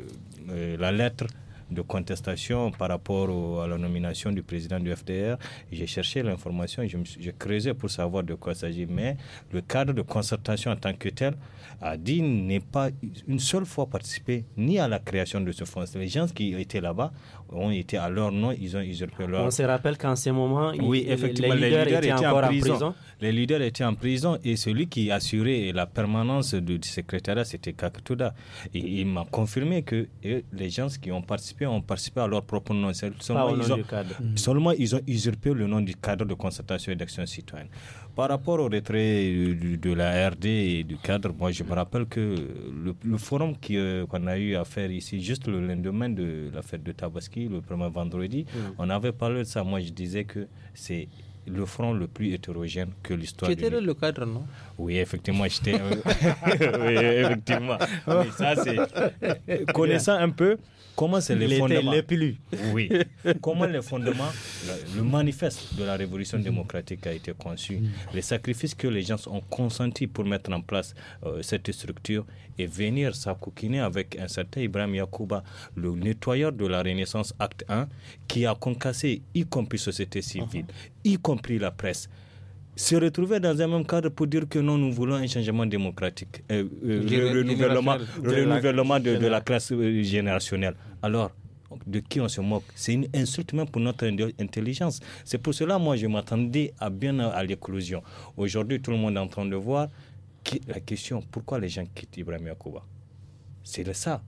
euh, la lettre de contestation par rapport à la nomination du président du FDR. J'ai cherché l'information, j'ai creusé pour savoir de quoi il s'agit, mais le cadre de concertation en tant que tel a dit n'est pas une seule fois participé ni à la création de ce fonds. Les gens qui étaient là-bas ont été à leur nom, ils ont usurpé leur... On se rappelle qu'en ce moment, oui, effectivement, les leaders, étaient, encore en prison. Les leaders étaient en prison et celui qui assurait la permanence du secrétariat, c'était Kakatouda. Et il m'a confirmé que les gens qui ont participé ont participé à leur propre nom. Seulement, ils ont, mm. seulement ils ont usurpé le nom du cadre de concertation et d'action citoyenne. Par rapport au retrait de, la RD et du cadre, moi je me rappelle que le, forum euh, qu'on a eu à faire ici, juste le lendemain de la fête de Tabaski, le premier vendredi, mm. on avait parlé de ça. Moi je disais que c'est le front le plus hétérogène que l'histoire. Tu étais le cadre, non Oui, effectivement, j'étais. Euh, *laughs* oui, effectivement. ça, c'est. *laughs* Connaissant un peu, Comment c'est les fondements Oui. *laughs* Comment les fondements, le, manifeste de la révolution mm-hmm. démocratique a été conçu, les sacrifices que les gens ont consentis pour mettre en place euh, cette structure et venir s'acoquiner avec un certain Ibrahim Yacouba, le nettoyeur de la Renaissance Acte 1, qui a concassé y compris société civile, uh-huh. y compris la presse se retrouver dans un même cadre pour dire que non, nous voulons un changement démocratique, euh, euh, le renouvellement, de, renouvellement de, la classe euh, générationnelle. Alors, de qui on se moque C'est une insulte même pour notre intelligence. C'est pour cela, moi, je m'attendais à bien à l'éclosion. Aujourd'hui, tout le monde est en train de voir la question pourquoi les gens quittent Ibrahim Yakuba C'est ça.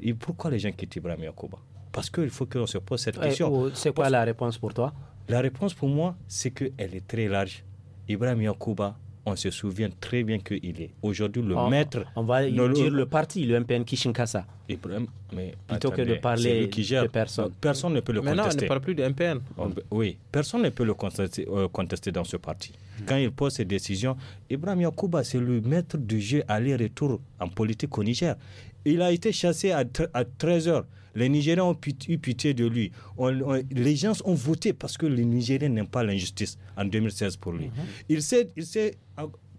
Et pourquoi les gens quittent Ibrahim Yakuba Parce qu'il faut qu'on se pose cette question. C'est quoi la réponse pour toi La réponse pour moi, c'est qu'elle est très large Ibrahim Yakuba, on se souvient très bien qu'il est aujourd'hui le maître. On va dire le, parti, le MPN Kishinkasa. Ibrahim, mais plutôt que de parler de personne. Personne ne peut le contester. ne parle plus MPN. oui, personne ne peut le contester, euh, contester dans ce parti. Quand il pose ses décisions, Ibrahim Yakuba c'est le maître du jeu aller-retour en politique au Niger. Il a été chassé à, à 13 heures. Les Nigériens ont eu pitié de lui. les gens ont voté parce que les Nigériens n'aiment pas l'injustice en 2016 pour lui. Mhm. Il s'est,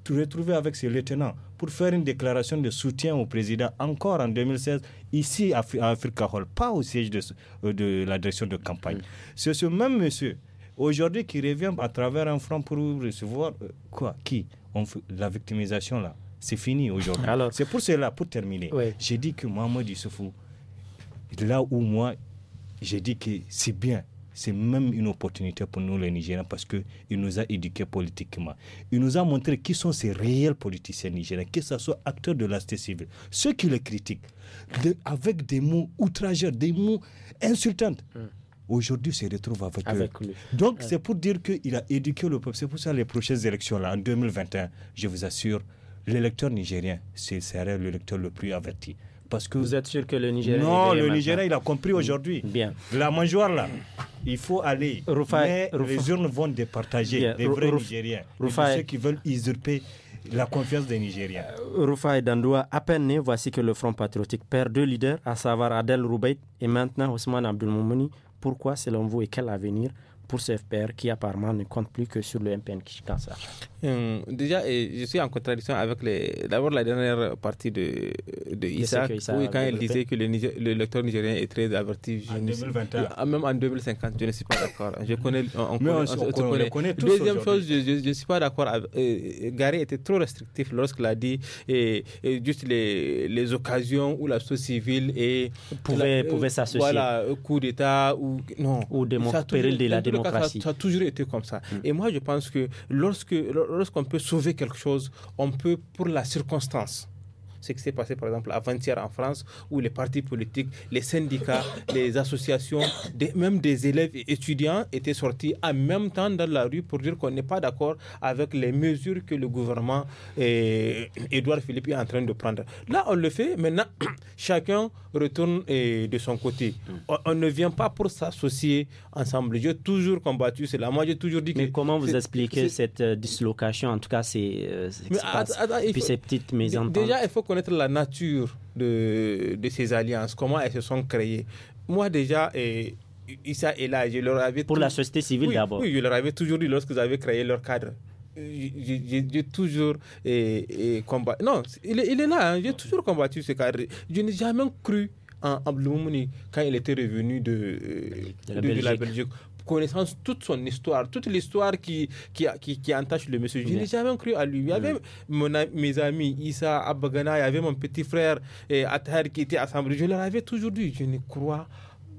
retrouvé avec ses lieutenants pour faire une déclaration de soutien au président encore en 2016 ici à, Africa Hall, pas au siège de, euh, de la direction de campagne. C'est ce même monsieur aujourd'hui qui revient à travers un front pour recevoir euh, quoi Qui La victimisation là, c'est fini aujourd'hui. c'est pour cela, pour terminer, j'ai dit que Mohamed Issoufou, là où moi, j'ai dit que c'est bien, c'est même une opportunité pour nous les Nigériens parce qu'il nous a éduqués politiquement. Il nous a montré qui sont ces réels politiciens nigériens, que ce soit acteurs de la société civile, ceux qui les critiquent, avec des mots outrageurs, des mots insultants. Hum. Aujourd'hui, se retrouve avec, eux. Donc, c'est pour dire qu'il a éduqué le peuple. C'est pour ça les prochaines élections, là, en 2021, je vous assure, l'électeur nigérien, c'est serait l'électeur le plus averti parce que... Vous êtes sûr que le Nigeria... Non, le Nigeria, il a compris aujourd'hui. Bien. La mangeoire, là, il faut aller. mais les urnes vont départager des les vrais Nigériens. ceux qui veulent usurper la confiance des Nigériens. Euh, Rufai Dandoua, à peine né, voici que le Front patriotique perd deux leaders, à savoir Adel Roubaït et maintenant Ousmane Abdelmoumouni. Pourquoi, selon vous, et quel avenir pour ce FPR qui apparemment ne compte plus que sur le MPN Kinshasa Hmm, déjà, je suis en contradiction avec les, d'abord la dernière partie de, de Isaac, oui, quand il disait que le, lecteur nigérien est très averti. En 2021. Ah, même en 2050, je ne suis pas d'accord. Je connais, on, connaît. Deuxième chose, je ne suis pas d'accord. Euh, Gary était trop restrictif lorsqu'il a dit juste les, les, occasions où la société civile pouvait, euh, pouvait s'associer. Voilà, euh, coup d'État ou non. Ou de la démocratie. ça, a toujours été comme ça. Hmm. Et moi, je pense que lorsque lorsqu'on peut sauver quelque chose, on peut, pour la circonstance, ce qui s'est passé par exemple avant-hier en France, où les partis politiques, les syndicats, les associations, même des élèves et étudiants étaient sortis en même temps dans la rue pour dire qu'on n'est pas d'accord avec les mesures que le gouvernement et eh, Édouard Philippe est en train de prendre. Là, on le fait. Maintenant, *clears throat* chacun retourne eh, de son côté. On, ne vient pas pour s'associer ensemble. J'ai toujours combattu cela. Moi, j'ai toujours dit que... Mais comment vous expliquez cette euh, dislocation En tout cas, c'est euh, ces petites maisons. Déjà, il faut que la nature de, de ces alliances, comment elles se sont créées. Moi déjà, et eh, Issa et là, je leur avais... Pour la société civile d'abord. Oui, je leur avais toujours dit lorsque vous avez créé leur cadre. J'ai toujours et eh, eh, combat Non, il est, là, hein. j'ai toujours combattu ce cadre. Je n'ai jamais cru en Abdoumouni quand il était revenu de, euh, la, de la Belgique connaissance toute son histoire, toute l'histoire qui, qui, qui, entache le monsieur. Je n'ai jamais cru à lui. Il y avait mes amis, Issa, Abagana, il y avait mon petit frère et qui était assemblé. Je leur avais toujours dit, je ne crois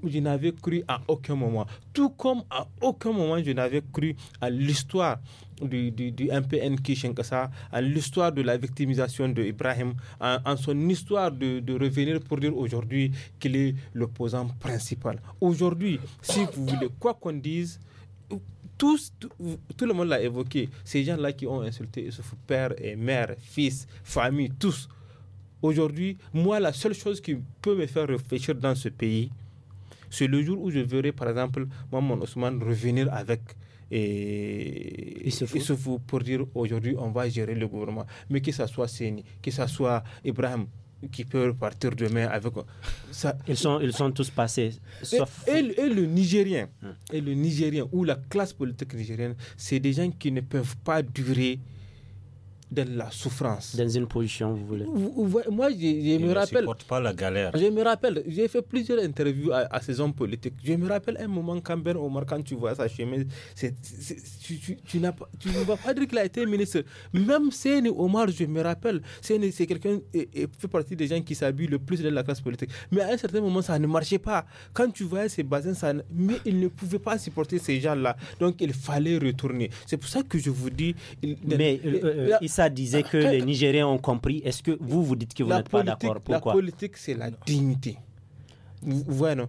je n'avais cru à aucun moment. Tout comme à aucun moment je n'avais cru à l'histoire du, du, du, MPN ça, à l'histoire de la victimisation de Ibrahim, à, son histoire de, de, revenir pour dire aujourd'hui qu'il est l'opposant principal. Aujourd'hui, si vous voulez, quoi qu'on dise, tous, tout, le monde l'a évoqué, ces gens-là qui ont insulté Issoufou, père et mère, fils, famille, tous. Aujourd'hui, moi, la seule chose qui peut me faire réfléchir dans ce pays, c'est le jour où je verrai, par exemple, mon Ousmane revenir avec et il se, fout pour dire aujourd'hui on va gérer le gouvernement. Mais que ce soit Séni, que ce soit Ibrahim qui peut partir demain avec ça. Ils sont, ils sont tous passés. Et, le Nigérien, hein. et le Nigérien ou la classe politique nigérienne, c'est des gens qui ne peuvent pas durer de la souffrance. Dans une position, vous voulez. moi, je, me rappelle. Ne pas la galère. Je me rappelle, j'ai fait plusieurs interviews à, ces hommes politiques. Je me rappelle un moment quand Ben Omar, quand tu vois ça, chemise, tu, ne vas pas dire qu'il a été ministre. Même Séné Omar, je me rappelle, Séné, c'est quelqu'un qui fait partie des gens qui s'habillent le plus de la classe politique. Mais à un certain moment, ça ne marchait pas. Quand tu voyais ces basins, ça mais il ne pouvait pas supporter ces gens-là. Donc, il fallait retourner. C'est pour ça que je vous dis. mais, disait bah, que les Nigériens ont compris. Est-ce que vous, vous dites que vous n'êtes pas d'accord Pourquoi La politique, c'est la dignité. Voilà,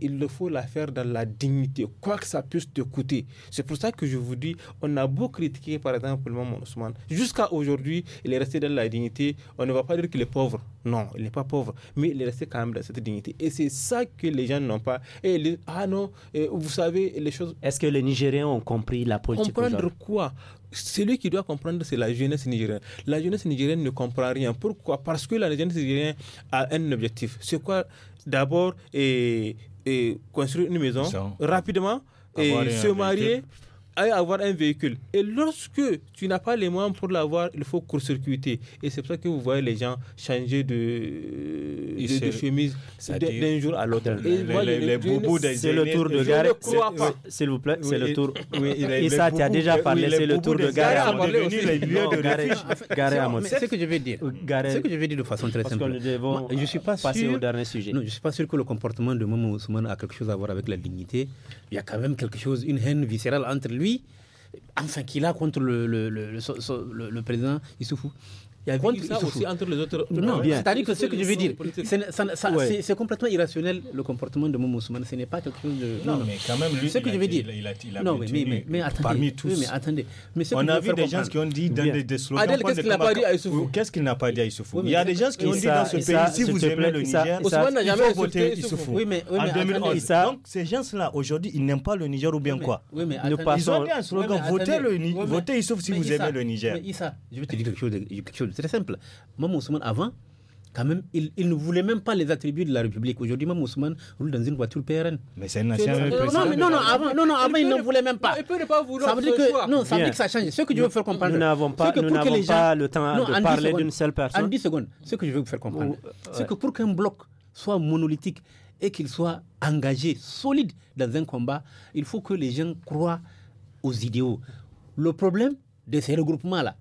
il le faut la faire dans la dignité, quoi que ça puisse te coûter. C'est pour ça que je vous dis, on a beau critiquer par exemple le moment Ousmane, jusqu'à aujourd'hui, il est resté dans la dignité. On ne va pas dire qu'il est pauvre, non, il n'est pas pauvre, mais il est resté quand même dans cette dignité. Et c'est ça que les gens n'ont pas. Et ah non, vous savez les choses. Est-ce que les Nigériens ont compris la politique Comprendre quoi celui qui doit comprendre, c'est la jeunesse nigérienne. La jeunesse nigérienne ne comprend rien. Pourquoi Parce que la jeunesse nigérienne a un objectif. C'est quoi D'abord, et, construire une maison rapidement, et se marier avoir un véhicule. Et lorsque tu n'as pas les moyens pour l'avoir, il faut court-circuiter. Et c'est pour ça que vous voyez les gens changer de, chemise d'un jour à l'autre. Les, C'est le tour de gare. S'il vous plaît, c'est le tour. et ça, tu as déjà parlé, c'est le tour de gare. à C'est ce que je veux dire. C'est ce que je veux dire de façon très simple. Je suis pas sûr. dernier sujet. je suis pas sûr que le comportement de Momo Ousmane a quelque chose à voir avec la dignité il y a quand même quelque chose, une haine viscérale entre lui, enfin qu'il a contre le, le, le, le président Issoufou. Il y a ça aussi entre les autres. c'est-à-dire que ce que je veux dire, c'est complètement irrationnel le comportement de Momo Ce n'est pas quelque chose de. Non, mais quand même, lui, ce que je veux dire. Il a non, mais, parmi tous. attendez. on a vu des gens qui ont dit dans des, slogans. qu'est-ce qu'il n'a pas dit à Issoufou Il y a des gens qui ont dit dans ce pays, si vous aimez le Niger, il faut voter Issoufou. En 2011. Donc, ces gens-là, aujourd'hui, ils n'aiment pas le Niger ou bien quoi Ils ont dit un slogan votez Issoufou si vous aimez le Niger. je vais te dire quelque chose c'est très simple. Maman Ousmane, avant, quand même, il, ne voulait même pas les attributs de la République. Aujourd'hui, Maman Ousmane roule dans une voiture PRN. Mais c'est une nation Non, non, non, avant, non, non, avant il, ne voulait même pas. il peut pas vouloir ça veut dire que, Non, ça veut dire que ça change. Ce que je veux faire comprendre. Nous n'avons pas, nous n'avons pas le temps de parler d'une seule personne. En 10 secondes, ce que je veux vous faire comprendre, euh, c'est que pour qu'un bloc soit monolithique et qu'il soit engagé, solide dans un combat, il faut que les gens croient aux idéaux. Le problème de ces regroupements-là,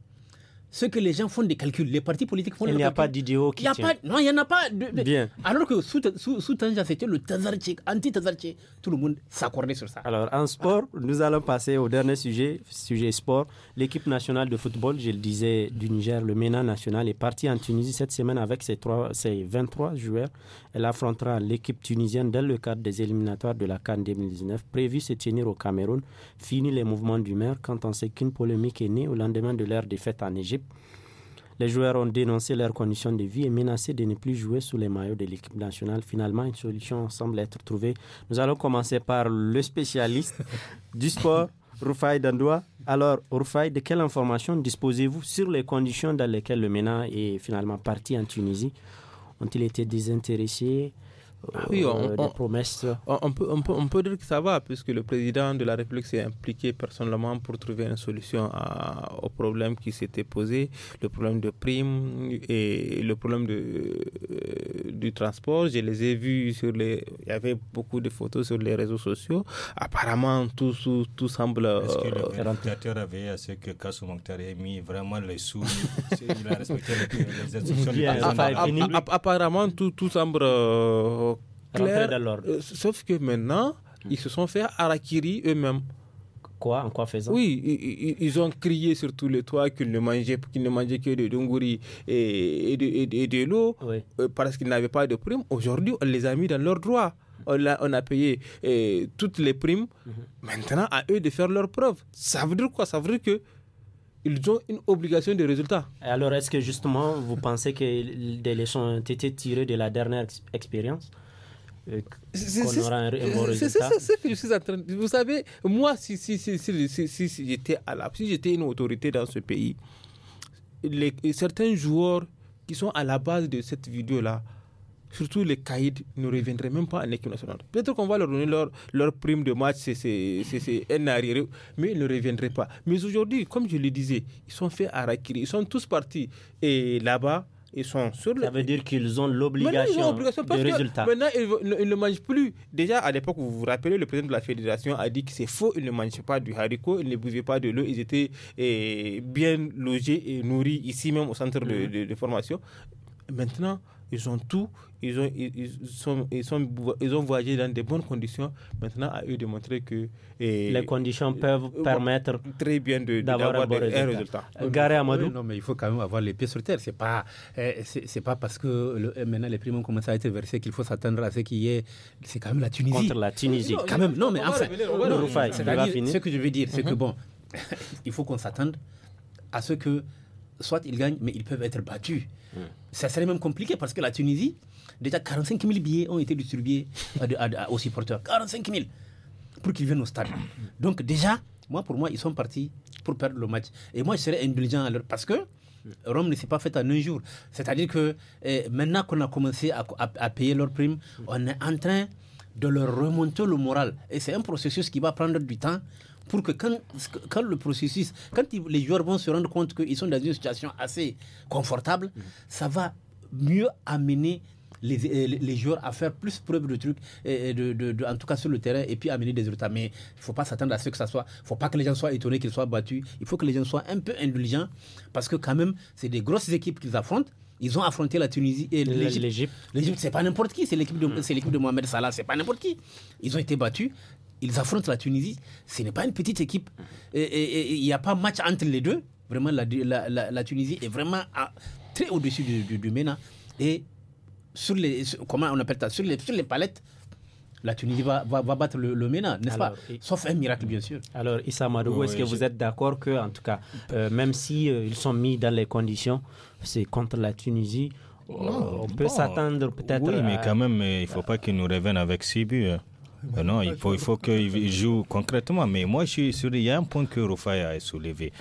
ce que les gens font des calculs. Les partis politiques font des calculs. Il n'y a pas d'idéaux qui tiennent. non, il n'y en a pas. Bien. Alors que sous, sous, sous c'était le Tazarchik, anti-Tazarchik. Tout le monde s'accordait sur ça. Alors, en sport, nous allons passer au dernier sujet, sujet sport. L'équipe nationale de football, je le disais, du Niger, le MENA national, est partie en Tunisie cette semaine avec ses, ses 23 joueurs elle affrontera l'équipe tunisienne dans le cadre des éliminatoires de la Cannes 2019 Prévu se tenir au Cameroun. Fini les mouvements du maire quand on sait qu'une polémique est née au lendemain de leur défaite en Égypte. Les joueurs ont dénoncé leurs conditions de vie et menacé de ne plus jouer sous les maillots de l'équipe nationale. Finalement, une solution semble être trouvée. Nous allons commencer par le spécialiste *laughs* du sport, Rufai Dandoua. Alors, Rufai, de quelle information disposez-vous sur les conditions dans lesquelles le MENA est finalement parti en Tunisie quand il était désintéressé, ah oui, on, on, on peut, on, peut, dire que ça va, puisque le président de la République s'est impliqué personnellement pour trouver une solution au problème qui s'était posé, le problème de primes et le problème de, euh, du transport. Je les ai vus sur les... Il y avait beaucoup de photos sur les réseaux sociaux. Apparemment, tout, tout, semble... Euh, Est-ce que le avait à ce que Kassou Mokhtar ait mis vraiment les sous *laughs* Il a respecté les, Apparemment, tout, tout semble... Euh, euh, sauf que maintenant, ils se sont fait harakiri eux-mêmes. Quoi En quoi faisant Oui, ils, ont crié sur tous les toits qu'ils ne mangeaient, qu'ils ne mangeaient que de dungouris et, de, l'eau euh, parce qu'ils n'avaient pas de primes. Aujourd'hui, on les a mis dans leurs droits. On a, on a, payé euh, toutes les primes. Mhm. Maintenant, à eux de faire leurs preuves. Ça veut dire quoi Ça veut dire que ils ont une obligation de résultat. Alors, est-ce que justement, vous pensez que des leçons ont été tirées de la dernière expérience qu'on aura un, bon résultat. C'est que je suis en Vous savez, moi, si, si, si, si j'étais à la, si j'étais une autorité dans ce pays, les, certains joueurs qui sont à la base de cette vidéo-là, surtout les caïds, ne reviendraient même pas en équipe nationale. Peut-être qu'on va leur donner leur, leur prime de match, c'est un arrière, mais ils ne reviendraient pas. Mais aujourd'hui, comme je le disais, ils sont faits à Rakiri, ils sont tous partis et là-bas ils sont sur le... Ça veut dire qu'ils ont l'obligation de résultat. Maintenant, ils ne, mangent plus. Déjà, à l'époque, vous vous rappelez, le président de la fédération a dit que c'est faux, ils ne mangeaient pas du haricot, ils ne buvaient pas de l'eau, ils étaient eh, bien logés et nourris ici même au centre de mmh. formation. Maintenant, ils ont tout, ils ont, ils, sont, ils, sont, ils ont voyagé dans de bonnes conditions. Maintenant, à eux de montrer que... Eh, les conditions eh, peuvent permettre très bien d'avoir un, résultat. Euh, Garé Amadou Non, mais il faut quand même avoir les pieds sur terre. Ce n'est pas, eh, c'est pas parce que maintenant les primes ont commencé à être versées qu'il faut s'attendre à ce qui est... C'est quand même la Tunisie. Contre la Tunisie. Non, quand même, non, mais enfin... ce que je veux dire, c'est que mm-hmm. bon, *laughs* il faut qu'on s'attende à ce que soit ils gagnent, mais ils peuvent être battus ça serait même compliqué parce que la Tunisie, déjà 45 000 billets ont été distribués aux supporters. 45 000 pour qu'ils viennent au stade. Donc déjà, moi pour moi, ils sont partis pour perdre le match. Et moi, je serais indulgent à l'heure Parce que Rome ne s'est pas faite en un jour. C'est-à-dire que eh, maintenant qu'on a commencé à payer leurs primes, on est en train de leur remonter le moral. Et c'est un processus qui va prendre du temps pour que quand, quand le processus, quand les joueurs vont se rendre compte qu'ils sont dans une situation assez confortable, mhm. ça va mieux amener euh, les, les, joueurs à faire plus preuve de trucs, et euh, euh, de, de, en tout cas sur le terrain, et puis amener des résultats. Mais il ne faut pas s'attendre à ce que ça soit. Il ne faut pas que les gens soient étonnés qu'ils soient battus. Il faut que les gens soient un peu indulgents, parce que quand même, c'est des grosses équipes qu'ils affrontent. Ils ont affronté la Tunisie et l'Égypte. L'Égypte, c'est pas n'importe qui. C'est l'équipe de, mhm. l'équipe de Mohamed Salah, c'est pas n'importe qui. Ils ont été battus ils affrontent la Tunisie. Ce n'est pas une petite équipe. Il n'y a pas match entre les deux. Vraiment, la, Tunisie est vraiment très au-dessus du, MENA. Et sur les, comment on appelle ça, sur les, palettes, la Tunisie va, va, battre le, MENA, n'est-ce pas Sauf un miracle, bien sûr. Alors, Issa est-ce que vous êtes d'accord que, en tout cas, euh, même si euh, ils sont mis dans les conditions, c'est contre la Tunisie, oh, on peut s'attendre peut-être. Oui, mais quand même, il ne faut pas qu'ils nous reviennent avec six buts. Hein. Euh, non, il faut, il faut qu'il joue concrètement. Mais moi, je suis sûr, il y a un point que Rufai a soulevé.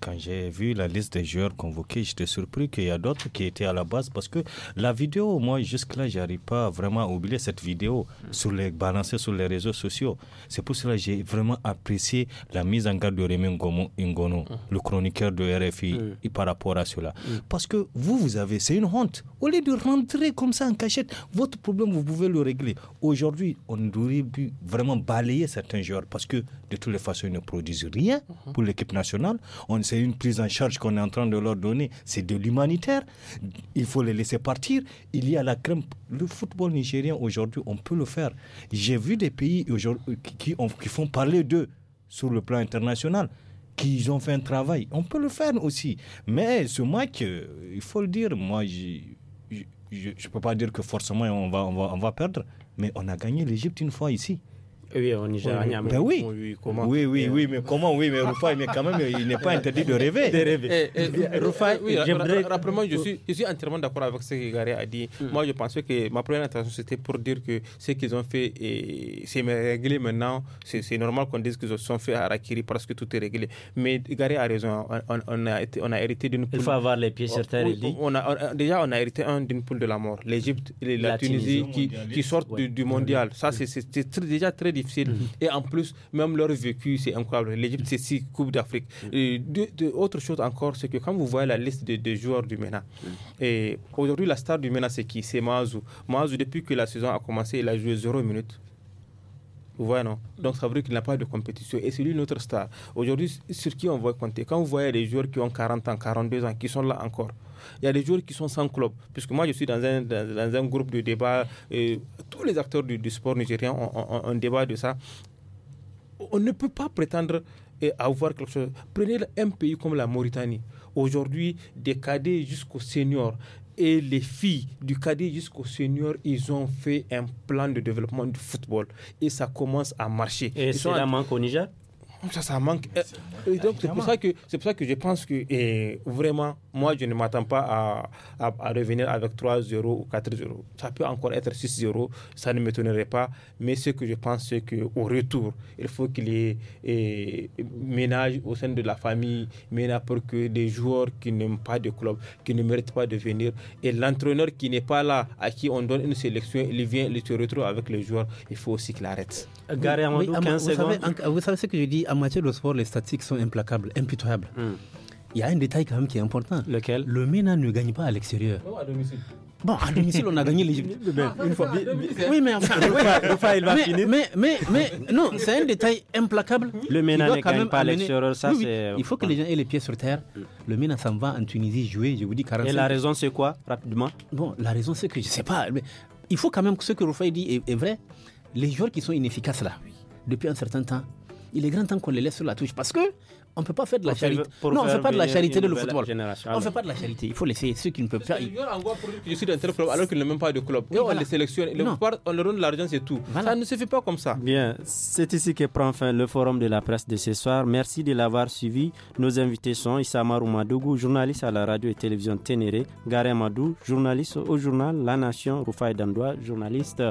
Quand j'ai vu la liste des joueurs convoqués, j'étais surpris qu'il y a d'autres qui étaient à la base parce que la vidéo, moi, jusque-là, j'arrive pas vraiment à oublier cette vidéo sur les, balancée sur les réseaux sociaux. C'est pour cela que j'ai vraiment apprécié la mise en garde de Rémi Ngono, mmh. le chroniqueur de RFI, mmh. par rapport à cela. Mmh. Parce que vous, vous avez, c'est une honte. Au lieu de rentrer comme ça en cachette, votre problème, vous pouvez le régler. Aujourd'hui, on doit vraiment balayer certains joueurs parce que de toutes les façons, ils ne produisent rien mhm. pour l'équipe nationale. On C'est une prise en charge qu'on est en train de leur donner. C'est de l'humanitaire. Il faut les laisser partir. Il y a la crème. Le football nigérien aujourd'hui, on peut le faire. J'ai vu des pays qui, ont, qui font parler d'eux sur le plan international qu'ils ont fait un travail. On peut le faire aussi. Mais ce match, euh, il faut le dire, moi, je ne peux pas dire que forcément on va, on va, on va perdre. Mais on a gagné l'Égypte une fois ici. Oui, au Nigeria. oui. Ben oui. Oui, comment oui, oui, oui, euh, mais comment Oui, mais Rufai, mais quand même, il n'est pas interdit de rêver. De rêver. oui, rappelez-moi, je suis, je suis entièrement d'accord avec ce que Gary a dit. Hmm. Moi, je pensais que ma première intention, c'était pour dire que ce qu'ils ont fait, c'est réglé maintenant. C'est normal qu'on dise qu'ils se sont fait harakiri parce que tout est réglé. Mais Gary a raison. On, a, été, on a hérité d'une poule. Il faut avoir les pieds sur oh, terre, il dit. On a, déjà, on a hérité d'une poule de la mort. L'Égypte, la, la, Tunisie, qui, qui sortent du, du, mondial. Ça, c'est déjà très Mhm. Et en plus, même leur vécu, c'est incroyable. L'Égypte, c'est six Coupes d'Afrique. Mhm. de, autre chose encore, c'est que quand vous voyez la liste des de joueurs du MENA, et aujourd'hui, la star du MENA, c'est qui C'est Mazou. Mazou, depuis que la saison a commencé, il a joué 0 minutes. Donc ça veut dire qu'il n'a pas de compétition. Et c'est lui notre star. Aujourd'hui, sur qui on va compter Quand vous voyez des joueurs qui ont 40 ans, 42 ans, qui sont là encore, il y a des joueurs qui sont sans club. Puisque moi, je suis dans un, dans, un groupe de débat. tous les acteurs du, sport nigérien ont, un débat de ça. On ne peut pas prétendre avoir quelque chose. Prenez un pays comme la Mauritanie. Aujourd'hui, décadé jusqu'au senior et les filles du cadet jusqu'au senior, ils ont fait un plan de développement du football et ça commence à marcher. Et sur la manque au Niger ça, ça manque. Euh, donc, c'est pour, ça que, pour ça que je pense que vraiment, moi, je ne m'attends pas à, revenir avec 3 euros ou 4 euros. Ça peut encore être 6 euros, ça ne m'étonnerait pas. Mais ce que je pense, c'est qu'au retour, il faut qu'il y ait ménage au sein de la famille, ménage pour que des joueurs qui n'aiment pas de club, qui ne méritent pas de venir, et l'entraîneur qui n'est pas là, à qui on donne une sélection, il vient, il se retrouve avec les joueurs, il faut aussi qu'il arrête. vous, vous savez ce que je dis en matière de sport, les statistiques sont implacables, impitoyables. Hmm. Il y a un détail quand même qui est important. Lequel Le MENA ne gagne pas à l'extérieur. Oh, à domicile. Bon, à domicile, on a gagné *laughs* l'Égypte. Ben, une fois. Ah, oui, mais enfin. il va finir. Mais, mais, mais, non, c'est un détail implacable. Le MENA ne gagne pas À l'extérieur, ça c'est. Il faut que les gens aient les pieds sur terre. Hmm. Le MENA s'en va en Tunisie jouer, je vous dis 45. Et la raison, c'est quoi, rapidement Bon, la raison, c'est que je ne sais pas. il faut quand même que ce que Rufai dit est, vrai. Les joueurs qui sont inefficaces là, depuis un certain temps, il est grand temps qu'on les laisse sur la touche parce que on peut pas faire de la charité. non, on ne fait pas de la charité de le football. On On fait pas de la charité. Il faut laisser ceux qui ne peuvent pas. Il y a pour je suis d'un tel club alors qu'il n'a même pas de club. et On les sélectionne, le on leur donne l'argent, c'est tout. Ça ne se fait pas comme ça. Bien, c'est ici que prend fin le forum de la presse de ce soir. Merci de l'avoir suivi. Nos invités sont Issamarou Oumadougou, journaliste à la radio et télévision Ténéré, Garé Madou, journaliste au journal La Nation, Rufai Dandoua, journaliste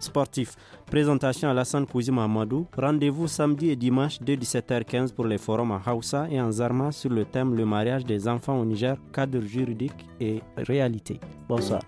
Sportif. Présentation à Alassane à Mamadou. Rendez-vous samedi et dimanche dès 17h15 pour les forums à Hausa et en Zarma sur le thème Le mariage des enfants au Niger, cadre juridique et réalité. Bonsoir.